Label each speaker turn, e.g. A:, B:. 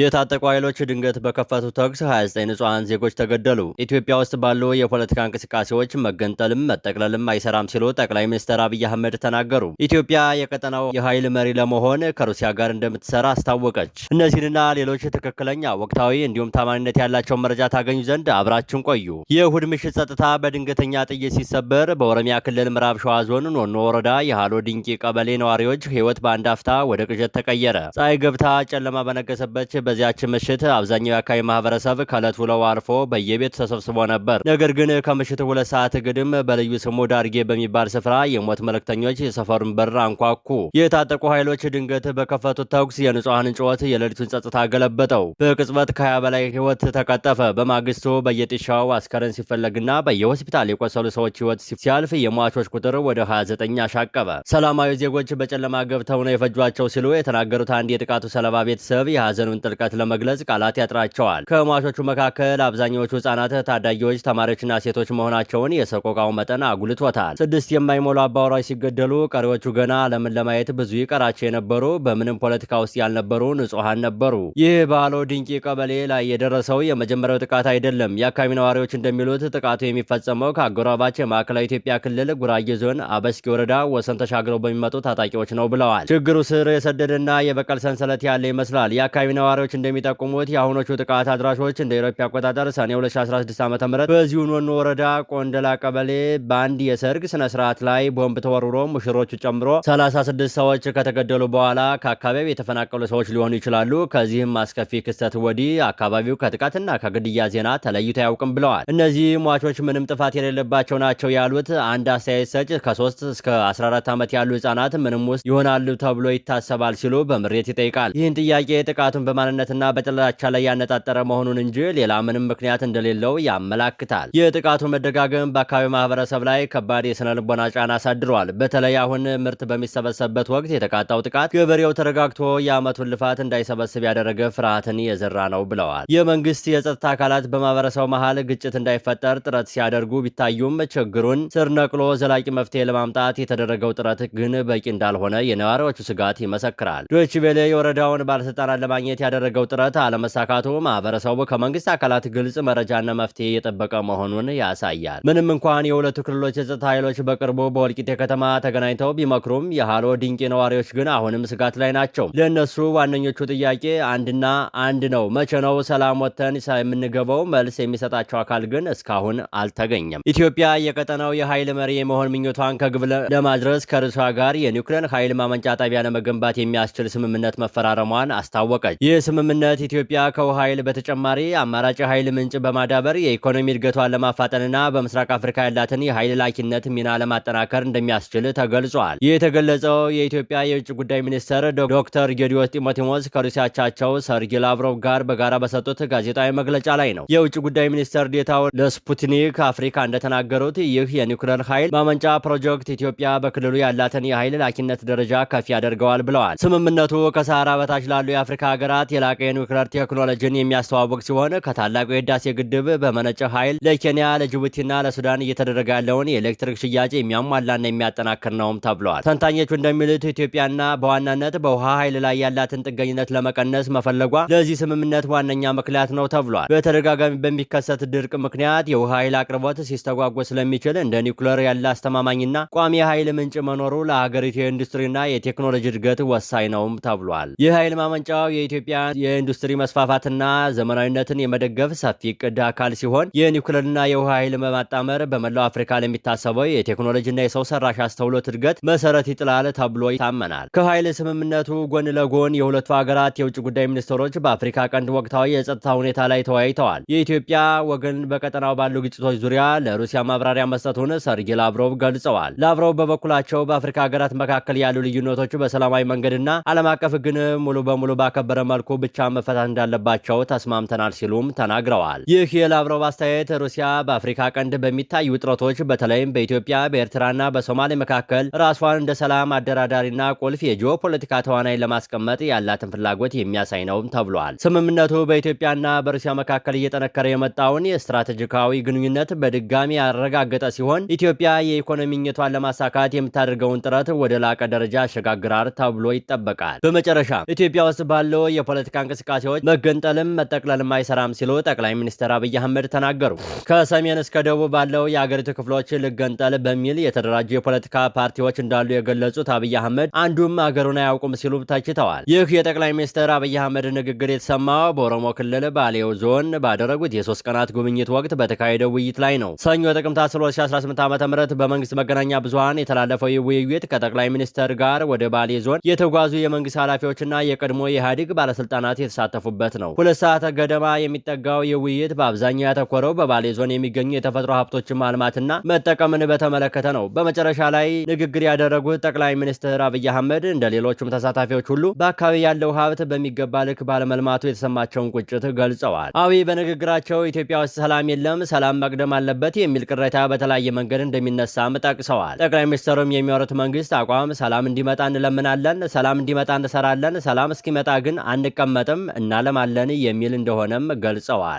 A: የታጠቁ ኃይሎች ድንገት በከፈቱ ተኩስ 29 ንጹሐን ዜጎች ተገደሉ። ኢትዮጵያ ውስጥ ባሉ የፖለቲካ እንቅስቃሴዎች መገንጠልም መጠቅለልም አይሰራም ሲሉ ጠቅላይ ሚኒስትር አብይ አህመድ ተናገሩ። ኢትዮጵያ የቀጠናው የኃይል መሪ ለመሆን ከሩሲያ ጋር እንደምትሰራ አስታወቀች። እነዚህንና ሌሎች ትክክለኛ ወቅታዊ እንዲሁም ታማኝነት ያላቸውን መረጃ ታገኙ ዘንድ አብራችን ቆዩ። የእሁድ ምሽት ጸጥታ በድንገተኛ ጥይት ሲሰበር በኦሮሚያ ክልል ምዕራብ ሸዋ ዞን ኖኖ ወረዳ የሃሎ ድንቂ ቀበሌ ነዋሪዎች ህይወት በአንድ አፍታ ወደ ቅዠት ተቀየረ። ፀሐይ ገብታ ጨለማ በነገሰበት በዚያች ምሽት አብዛኛው የአካባቢ ማህበረሰብ ከዕለት ውለው አርፎ በየቤት ተሰብስቦ ነበር። ነገር ግን ከምሽቱ ሁለት ሰዓት ግድም በልዩ ስሙ ዳርጌ በሚባል ስፍራ የሞት መልእክተኞች የሰፈሩን በር አንኳኩ። የታጠቁ ኃይሎች ድንገት በከፈቱት ተኩስ የንጹሐን ጩኸት የሌሊቱን ጸጥታ ገለበጠው። በቅጽበት ከሀያ በላይ ህይወት ተቀጠፈ። በማግስቱ በየጥሻው አስከሬን ሲፈለግና በየሆስፒታል የቆሰሉ ሰዎች ህይወት ሲያልፍ የሟቾች ቁጥር ወደ 29 አሻቀበ። ሰላማዊ ዜጎች በጨለማ ገብተው ነው የፈጇቸው ሲሉ የተናገሩት አንድ የጥቃቱ ሰለባ ቤተሰብ የሀዘኑን ጥልቅ ጥልቀት ለመግለጽ ቃላት ያጥራቸዋል። ከሟቾቹ መካከል አብዛኛዎቹ ህጻናት፣ ታዳጊዎች፣ ተማሪዎችና ሴቶች መሆናቸውን የሰቆቃው መጠን አጉልቶታል። ስድስት የማይሞሉ አባወራዎች ሲገደሉ፣ ቀሪዎቹ ገና ዓለምን ለማየት ብዙ ይቀራቸው የነበሩ በምንም ፖለቲካ ውስጥ ያልነበሩ ንጹሐን ነበሩ። ይህ ባሎ ድንቂ ቀበሌ ላይ የደረሰው የመጀመሪያው ጥቃት አይደለም። የአካባቢ ነዋሪዎች እንደሚሉት ጥቃቱ የሚፈጸመው ከአጎራባች የማዕከላዊ ኢትዮጵያ ክልል ጉራጌ ዞን አበስኪ ወረዳ ወሰን ተሻግረው በሚመጡ ታጣቂዎች ነው ብለዋል። ችግሩ ስር የሰደደና የበቀል ሰንሰለት ያለ ይመስላል። የአካባቢ ነዋሪ መርማሪዎች እንደሚጠቁሙት የአሁኖቹ ጥቃት አድራሾች እንደ ኢትዮጵያ አቆጣጠር ሰኔ 2016 ዓ ም በዚሁ ኖኖ ወረዳ ቆንደላ ቀበሌ በአንድ የሰርግ ስነ ስርዓት ላይ ቦምብ ተወርውሮ ሙሽሮቹ ጨምሮ 36 ሰዎች ከተገደሉ በኋላ ከአካባቢው የተፈናቀሉ ሰዎች ሊሆኑ ይችላሉ። ከዚህም አስከፊ ክስተት ወዲህ አካባቢው ከጥቃትና ከግድያ ዜና ተለይቶ አያውቅም ብለዋል። እነዚህ ሟቾች ምንም ጥፋት የሌለባቸው ናቸው ያሉት አንድ አስተያየት ሰጭ ከ3 እስከ 14 ዓመት ያሉ ህጻናት ምንም ውስጥ ይሆናሉ ተብሎ ይታሰባል ሲሉ በምሬት ይጠይቃል። ይህን ጥያቄ ጥቃቱን በማ በአማራነትና በጥላቻ ላይ ያነጣጠረ መሆኑን እንጂ ሌላ ምንም ምክንያት እንደሌለው ያመላክታል። የጥቃቱ መደጋገም በአካባቢው ማህበረሰብ ላይ ከባድ የስነ ልቦና ጫና አሳድሯል። በተለይ አሁን ምርት በሚሰበሰብበት ወቅት የተቃጣው ጥቃት ገበሬው ተረጋግቶ የዓመቱን ልፋት እንዳይሰበስብ ያደረገ ፍርሃትን የዘራ ነው ብለዋል። የመንግስት የጸጥታ አካላት በማህበረሰቡ መሀል ግጭት እንዳይፈጠር ጥረት ሲያደርጉ ቢታዩም ችግሩን ስር ነቅሎ ዘላቂ መፍትሄ ለማምጣት የተደረገው ጥረት ግን በቂ እንዳልሆነ የነዋሪዎቹ ስጋት ይመሰክራል። ዶይቼ የወረዳውን ባለስልጣናት ለማግኘት ያደ ያደረገው ጥረት አለመሳካቱ ማህበረሰቡ ከመንግስት አካላት ግልጽ መረጃና መፍትሄ እየጠበቀ መሆኑን ያሳያል። ምንም እንኳን የሁለቱ ክልሎች የጸጥታ ኃይሎች በቅርቡ በወልቂጤ ከተማ ተገናኝተው ቢመክሩም የሃሎ ድንቂ ነዋሪዎች ግን አሁንም ስጋት ላይ ናቸው። ለእነሱ ዋነኞቹ ጥያቄ አንድና አንድ ነው። መቼ ነው ሰላም ወጥተን የምንገባው? መልስ የሚሰጣቸው አካል ግን እስካሁን አልተገኘም። ኢትዮጵያ የቀጠናው የኃይል መሪ የመሆን ምኞቷን ከግብ ለማድረስ ከርሷ ጋር የኒውክሌር ኃይል ማመንጫ ጣቢያ ለመገንባት የሚያስችል ስምምነት መፈራረሟን አስታወቀች። ይህ ስምምነት ኢትዮጵያ ከውሃ ኃይል በተጨማሪ አማራጭ ኃይል ምንጭ በማዳበር የኢኮኖሚ እድገቷን ለማፋጠንና በምስራቅ አፍሪካ ያላትን የኃይል ላኪነት ሚና ለማጠናከር እንደሚያስችል ተገልጿል። ይህ የተገለጸው የኢትዮጵያ የውጭ ጉዳይ ሚኒስትር ዶክተር ጌዲዮስ ጢሞቴዎስ ከሩሲያቻቸው ሰርጌ ላቭሮቭ ጋር በጋራ በሰጡት ጋዜጣዊ መግለጫ ላይ ነው። የውጭ ጉዳይ ሚኒስትር ዴታው ለስፑትኒክ አፍሪካ እንደተናገሩት ይህ የኒውክለር ኃይል ማመንጫ ፕሮጀክት ኢትዮጵያ በክልሉ ያላትን የኃይል ላኪነት ደረጃ ከፍ ያደርገዋል ብለዋል። ስምምነቱ ከሰሃራ በታች ላሉ የአፍሪካ ሀገራት የላቀ የኒውክሌር ቴክኖሎጂን የሚያስተዋውቅ ሲሆን ከታላቁ የህዳሴ ግድብ በመነጨ ኃይል ለኬንያ፣ ለጅቡቲና ለሱዳን እየተደረገ ያለውን የኤሌክትሪክ ሽያጭ የሚያሟላና የሚያጠናክር ነውም ተብሏል። ተንታኞቹ እንደሚሉት ኢትዮጵያና በዋናነት በውሃ ኃይል ላይ ያላትን ጥገኝነት ለመቀነስ መፈለጓ ለዚህ ስምምነት ዋነኛ ምክንያት ነው ተብሏል። በተደጋጋሚ በሚከሰት ድርቅ ምክንያት የውሃ ኃይል አቅርቦት ሲስተጓጎ ስለሚችል እንደ ኒውክሌር ያለ አስተማማኝና ቋሚ የኃይል ምንጭ መኖሩ ለሀገሪቱ የኢንዱስትሪና የቴክኖሎጂ እድገት ወሳኝ ነውም ተብሏል። ይህ ኃይል ማመንጫው የኢትዮጵያ የኢንዱስትሪ መስፋፋትና ዘመናዊነትን የመደገፍ ሰፊ እቅድ አካል ሲሆን የኒውክለርና የውሃ ኃይል በማጣመር በመላው አፍሪካ ለሚታሰበው የቴክኖሎጂና የሰው ሰራሽ አስተውሎት እድገት መሰረት ይጥላል ተብሎ ይታመናል። ከኃይል ስምምነቱ ጎን ለጎን የሁለቱ ሀገራት የውጭ ጉዳይ ሚኒስትሮች በአፍሪካ ቀንድ ወቅታዊ የጸጥታ ሁኔታ ላይ ተወያይተዋል። የኢትዮጵያ ወገን በቀጠናው ባሉ ግጭቶች ዙሪያ ለሩሲያ ማብራሪያ መስጠቱን ሰርጌ ላቭሮቭ ገልጸዋል። ላቭሮቭ በበኩላቸው በአፍሪካ ሀገራት መካከል ያሉ ልዩነቶች በሰላማዊ መንገድና ዓለም አቀፍ ሕግን ሙሉ በሙሉ ባከበረ መልኩ ብቻ መፈታት እንዳለባቸው ተስማምተናል ሲሉም ተናግረዋል። ይህ የላቭሮቭ አስተያየት ሩሲያ በአፍሪካ ቀንድ በሚታዩ ውጥረቶች በተለይም በኢትዮጵያ በኤርትራና በሶማሌ መካከል ራሷን እንደ ሰላም አደራዳሪና ቁልፍ የጂኦ ፖለቲካ ተዋናይ ለማስቀመጥ ያላትን ፍላጎት የሚያሳይ ነውም ተብሏል። ስምምነቱ በኢትዮጵያና በሩሲያ መካከል እየጠነከረ የመጣውን የስትራቴጂካዊ ግንኙነት በድጋሚ ያረጋገጠ ሲሆን ኢትዮጵያ የኢኮኖሚኝቷን ለማሳካት የምታደርገውን ጥረት ወደ ላቀ ደረጃ ያሸጋግራል ተብሎ ይጠበቃል። በመጨረሻ ኢትዮጵያ ውስጥ ባለው የፖለቲ የፖለቲካ እንቅስቃሴዎች መገንጠልም መጠቅለልም አይሰራም ሲሉ ጠቅላይ ሚኒስትር አብይ አህመድ ተናገሩ። ከሰሜን እስከ ደቡብ ባለው የአገሪቱ ክፍሎች ልገንጠል በሚል የተደራጁ የፖለቲካ ፓርቲዎች እንዳሉ የገለጹት አብይ አህመድ አንዱም አገሩን አያውቁም ሲሉ ተችተዋል። ይህ የጠቅላይ ሚኒስትር አብይ አህመድ ንግግር የተሰማው በኦሮሞ ክልል ባሌው ዞን ባደረጉት የሶስት ቀናት ጉብኝት ወቅት በተካሄደው ውይይት ላይ ነው። ሰኞ ጥቅምት 2018 ዓ ም በመንግስት መገናኛ ብዙሀን የተላለፈው ውይይት ከጠቅላይ ሚኒስትር ጋር ወደ ባሌ ዞን የተጓዙ የመንግስት ኃላፊዎችና የቀድሞ የኢህአዴግ ባለስልጣ ባለስልጣናት የተሳተፉበት ነው። ሁለት ሰዓት ገደማ የሚጠጋው ይህ ውይይት በአብዛኛው ያተኮረው በባሌ ዞን የሚገኙ የተፈጥሮ ሀብቶችን ማልማትና መጠቀምን በተመለከተ ነው። በመጨረሻ ላይ ንግግር ያደረጉት ጠቅላይ ሚኒስትር አብይ አህመድ እንደ ሌሎቹም ተሳታፊዎች ሁሉ በአካባቢ ያለው ሀብት በሚገባ ልክ ባለመልማቱ የተሰማቸውን ቁጭት ገልጸዋል። አብይ በንግግራቸው ኢትዮጵያ ውስጥ ሰላም የለም፣ ሰላም መቅደም አለበት የሚል ቅሬታ በተለያየ መንገድ እንደሚነሳም ጠቅሰዋል። ጠቅላይ ሚኒስትሩም የሚወሩት መንግስት አቋም ሰላም እንዲመጣ እንለምናለን፣ ሰላም እንዲመጣ እንሰራለን፣ ሰላም እስኪመጣ ግን አንቀ አትቀመጥም፣ እናለማለን የሚል እንደሆነም ገልጸዋል።